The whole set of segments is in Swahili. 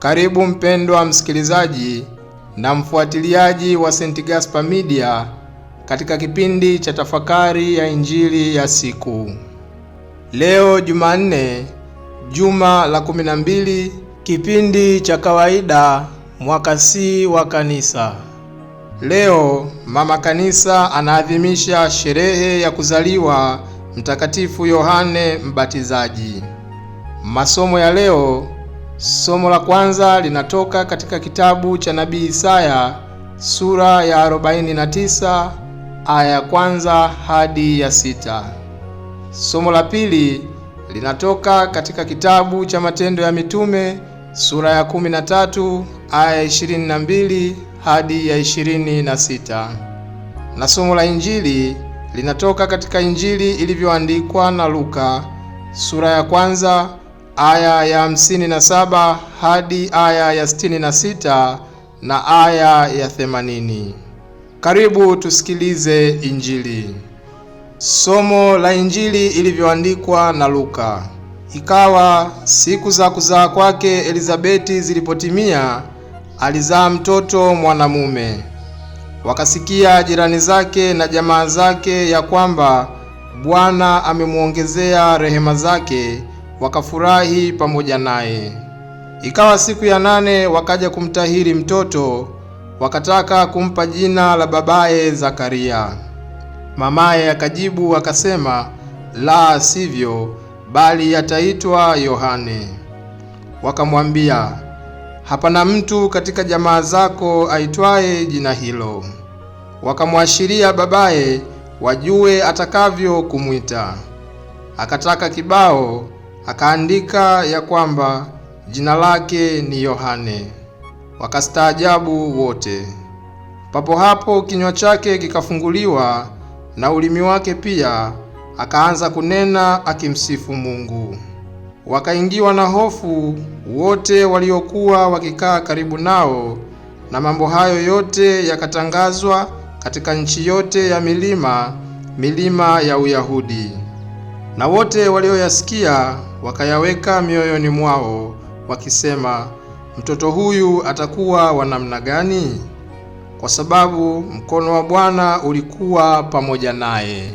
Karibu mpendwa msikilizaji na mfuatiliaji wa St. Gaspar Media katika kipindi cha tafakari ya injili ya siku. Leo Jumanne, juma la 12, kipindi cha kawaida, mwaka C wa kanisa. Leo mama kanisa anaadhimisha sherehe ya kuzaliwa Mtakatifu Yohane Mbatizaji. Masomo ya leo Somo la kwanza linatoka katika kitabu cha nabii Isaya sura ya 49 aya ya kwanza hadi ya sita. Somo la pili linatoka katika kitabu cha Matendo ya Mitume sura ya 13 aya ya 22 hadi ya 26. Na somo la Injili linatoka katika Injili ilivyoandikwa na Luka sura ya kwanza aya ya hamsini na saba hadi aya ya sitini na sita na aya ya themanini. Karibu tusikilize Injili. Somo la Injili ilivyoandikwa na Luka. Ikawa siku za kuzaa kwake Elizabeti zilipotimia, alizaa mtoto mwanamume. Wakasikia jirani zake na jamaa zake ya kwamba Bwana amemwongezea rehema zake wakafurahi pamoja naye. Ikawa siku ya nane wakaja kumtahiri mtoto, wakataka kumpa jina la babaye Zakaria. Mamaye akajibu akasema, la sivyo, bali ataitwa Yohane. Wakamwambia, hapana mtu katika jamaa zako aitwaye jina hilo. Wakamwashiria babaye wajue atakavyo kumwita. Akataka kibao akaandika ya kwamba jina lake ni Yohane. Wakastaajabu wote. Papo hapo kinywa chake kikafunguliwa na ulimi wake pia, akaanza kunena akimsifu Mungu. Wakaingiwa na hofu wote waliokuwa wakikaa karibu nao, na mambo hayo yote yakatangazwa katika nchi yote ya milima milima ya Uyahudi, na wote walioyasikia wakayaweka mioyoni mwao wakisema, mtoto huyu atakuwa wa namna gani? Kwa sababu mkono wa Bwana ulikuwa pamoja naye.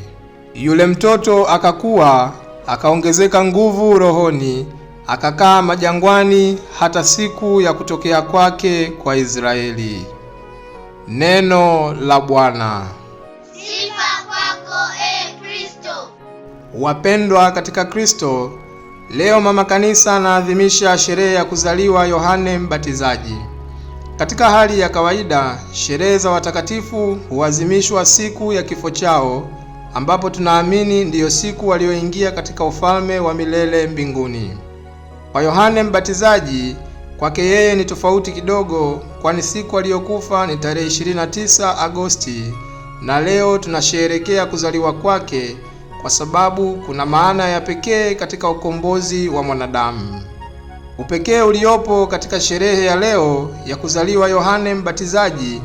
Yule mtoto akakuwa, akaongezeka nguvu rohoni, akakaa majangwani hata siku ya kutokea kwake kwa Israeli. Neno la Bwana. Sifa kwako, eh, Kristo. Wapendwa katika Kristo, Leo mama kanisa anaadhimisha sherehe ya kuzaliwa Yohane Mbatizaji. Katika hali ya kawaida, sherehe za watakatifu huadhimishwa siku ya kifo chao, ambapo tunaamini ndiyo siku walioingia katika ufalme wa milele mbinguni. Kwa Yohane Mbatizaji, kwake yeye ni tofauti kidogo, kwani siku aliyokufa ni tarehe 29 Agosti na leo tunasherekea kuzaliwa kwake kwa sababu kuna maana ya pekee katika ukombozi wa mwanadamu. Upekee uliopo katika sherehe ya leo ya kuzaliwa Yohane Mbatizaji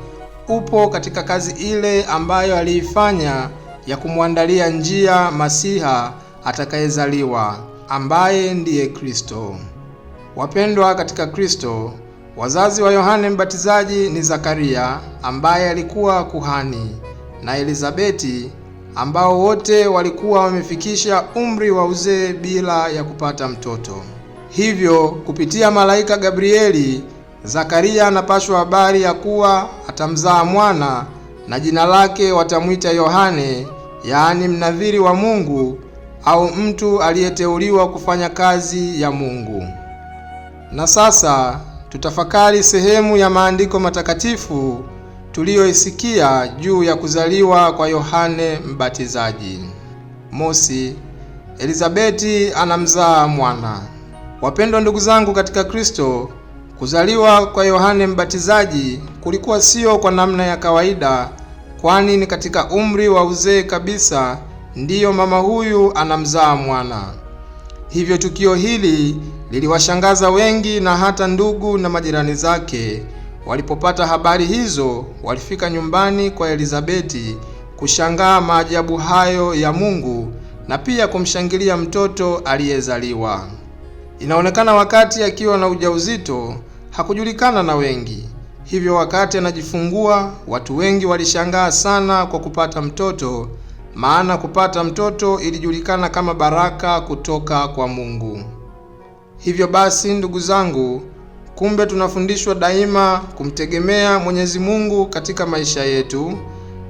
upo katika kazi ile ambayo aliifanya ya kumwandalia njia Masiha atakayezaliwa ambaye ndiye Kristo. Wapendwa katika Kristo, wazazi wa Yohane Mbatizaji ni Zakaria ambaye alikuwa kuhani na Elizabeti ambao wote walikuwa wamefikisha umri wa uzee bila ya kupata mtoto. Hivyo kupitia malaika Gabrieli, Zakaria anapashwa habari ya kuwa atamzaa mwana na jina lake watamwita Yohane, yaani mnadhiri wa Mungu au mtu aliyeteuliwa kufanya kazi ya Mungu. Na sasa tutafakari sehemu ya maandiko matakatifu tuliyoisikia juu ya kuzaliwa kwa Yohane Mbatizaji. Mosi, Elizabeti anamzaa mwana. Wapendwa ndugu zangu katika Kristo, kuzaliwa kwa Yohane Mbatizaji kulikuwa sio kwa namna ya kawaida, kwani ni katika umri wa uzee kabisa ndiyo mama huyu anamzaa mwana. Hivyo tukio hili liliwashangaza wengi na hata ndugu na majirani zake Walipopata habari hizo, walifika nyumbani kwa Elizabeti kushangaa maajabu hayo ya Mungu na pia kumshangilia mtoto aliyezaliwa. Inaonekana wakati akiwa na ujauzito hakujulikana na wengi, hivyo wakati anajifungua watu wengi walishangaa sana kwa kupata mtoto, maana kupata mtoto ilijulikana kama baraka kutoka kwa Mungu. Hivyo basi, ndugu zangu, Kumbe tunafundishwa daima kumtegemea Mwenyezi Mungu katika maisha yetu,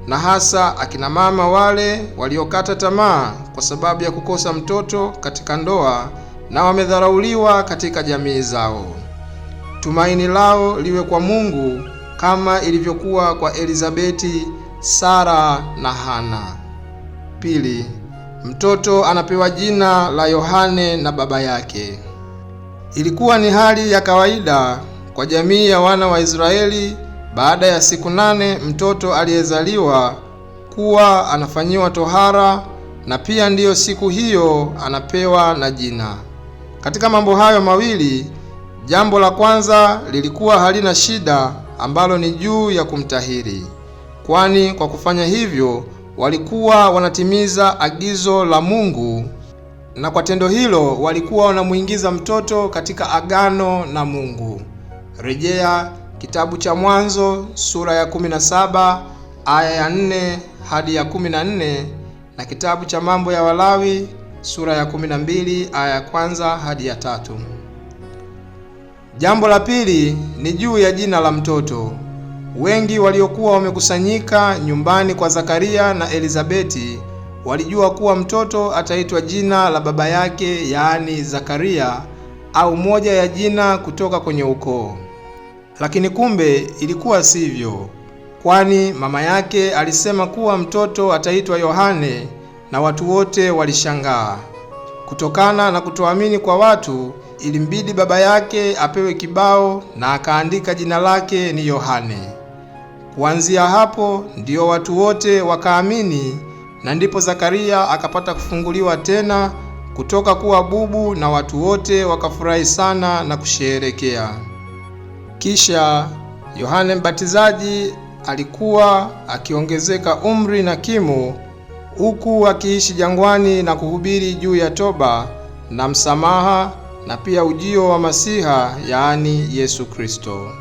na hasa akina mama wale waliokata tamaa kwa sababu ya kukosa mtoto katika ndoa na wamedharauliwa katika jamii zao. Tumaini lao liwe kwa Mungu kama ilivyokuwa kwa Elizabeti, Sara na Hana. Pili, mtoto anapewa jina la Yohane na baba yake. Ilikuwa ni hali ya kawaida kwa jamii ya wana wa Israeli baada ya siku nane mtoto aliyezaliwa kuwa anafanyiwa tohara na pia ndiyo siku hiyo anapewa na jina. Katika mambo hayo mawili, jambo la kwanza lilikuwa halina shida ambalo ni juu ya kumtahiri, kwani kwa kufanya hivyo walikuwa wanatimiza agizo la Mungu na kwa tendo hilo walikuwa wanamuingiza mtoto katika agano na Mungu. Rejea kitabu cha Mwanzo sura ya 17 aya ya 4 hadi ya 14 na kitabu cha Mambo ya Walawi sura ya 12 aya ya kwanza hadi ya tatu. Jambo la pili ni juu ya jina la mtoto. Wengi waliokuwa wamekusanyika nyumbani kwa Zakaria na Elizabeti Walijua kuwa mtoto ataitwa jina la baba yake, yaani Zakaria, au moja ya jina kutoka kwenye ukoo. Lakini kumbe ilikuwa sivyo, kwani mama yake alisema kuwa mtoto ataitwa Yohane, na watu wote walishangaa. Kutokana na kutoamini kwa watu, ilimbidi baba yake apewe kibao na akaandika jina lake ni Yohane. Kuanzia hapo, ndio watu wote wakaamini na ndipo Zakaria akapata kufunguliwa tena kutoka kuwa bubu, na watu wote wakafurahi sana na kusherekea. Kisha Yohane Mbatizaji alikuwa akiongezeka umri na kimo, huku akiishi jangwani na kuhubiri juu ya toba na msamaha na pia ujio wa Masiha, yaani Yesu Kristo.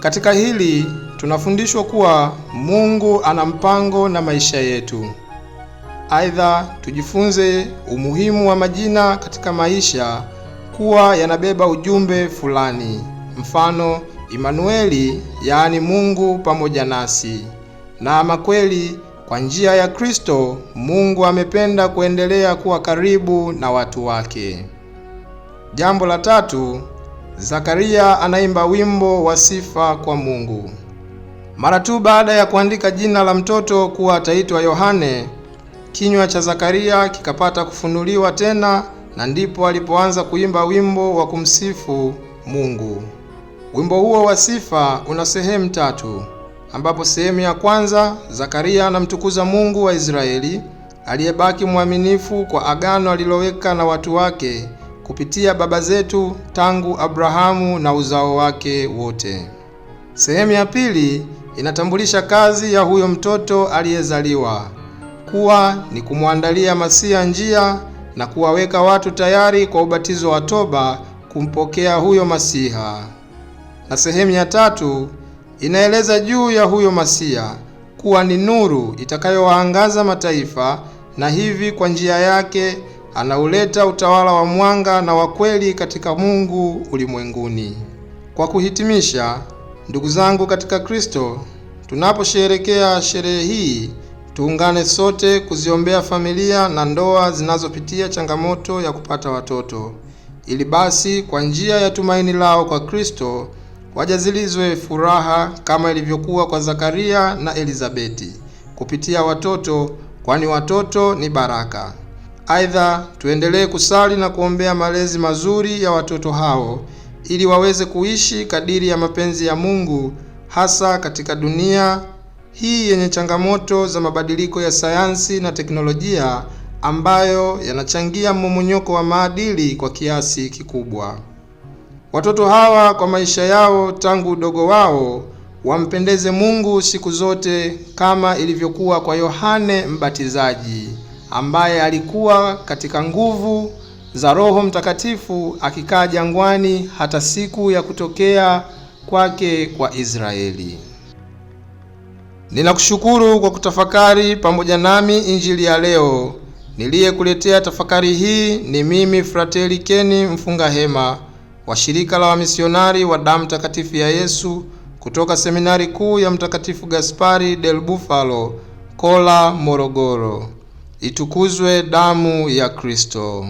Katika hili tunafundishwa kuwa Mungu ana mpango na maisha yetu. Aidha, tujifunze umuhimu wa majina katika maisha kuwa yanabeba ujumbe fulani, mfano Imanueli, yaani Mungu pamoja nasi. Na ama kweli, kwa njia ya Kristo Mungu amependa kuendelea kuwa karibu na watu wake. Jambo la tatu, Zakaria anaimba wimbo wa sifa kwa Mungu. Mara tu baada ya kuandika jina la mtoto kuwa ataitwa Yohane, kinywa cha Zakaria kikapata kufunuliwa tena, na ndipo alipoanza kuimba wimbo wa kumsifu Mungu. Wimbo huo wa sifa una sehemu tatu, ambapo sehemu ya kwanza Zakaria anamtukuza Mungu wa Israeli aliyebaki mwaminifu kwa agano aliloweka na watu wake kupitia baba zetu tangu Abrahamu na uzao wake wote. Sehemu ya pili inatambulisha kazi ya huyo mtoto aliyezaliwa kuwa ni kumwandalia Masia njia na kuwaweka watu tayari kwa ubatizo wa toba kumpokea huyo Masiha. Na sehemu ya tatu inaeleza juu ya huyo Masia kuwa ni nuru itakayowaangaza mataifa, na hivi kwa njia yake anauleta utawala wa mwanga na wa kweli katika Mungu ulimwenguni. Kwa kuhitimisha, ndugu zangu katika Kristo, tunaposherekea sherehe hii Tuungane sote kuziombea familia na ndoa zinazopitia changamoto ya kupata watoto, ili basi kwa njia ya tumaini lao kwa Kristo wajazilizwe furaha kama ilivyokuwa kwa Zakaria na Elizabeti kupitia watoto, kwani watoto ni baraka. Aidha, tuendelee kusali na kuombea malezi mazuri ya watoto hao ili waweze kuishi kadiri ya mapenzi ya Mungu hasa katika dunia hii yenye changamoto za mabadiliko ya sayansi na teknolojia ambayo yanachangia mmomonyoko wa maadili kwa kiasi kikubwa. Watoto hawa kwa maisha yao tangu udogo wao wampendeze Mungu siku zote kama ilivyokuwa kwa Yohane Mbatizaji ambaye alikuwa katika nguvu za Roho Mtakatifu akikaa jangwani hata siku ya kutokea kwake kwa Israeli. Ninakushukuru kwa kutafakari pamoja nami injili ya leo. Niliyekuletea tafakari hii ni mimi Frateli Keni Mfunga Hema wa shirika la wamisionari wa, wa damu takatifu ya Yesu kutoka seminari kuu ya Mtakatifu Gaspari del Bufalo, Kola, Morogoro. Itukuzwe damu ya Kristo!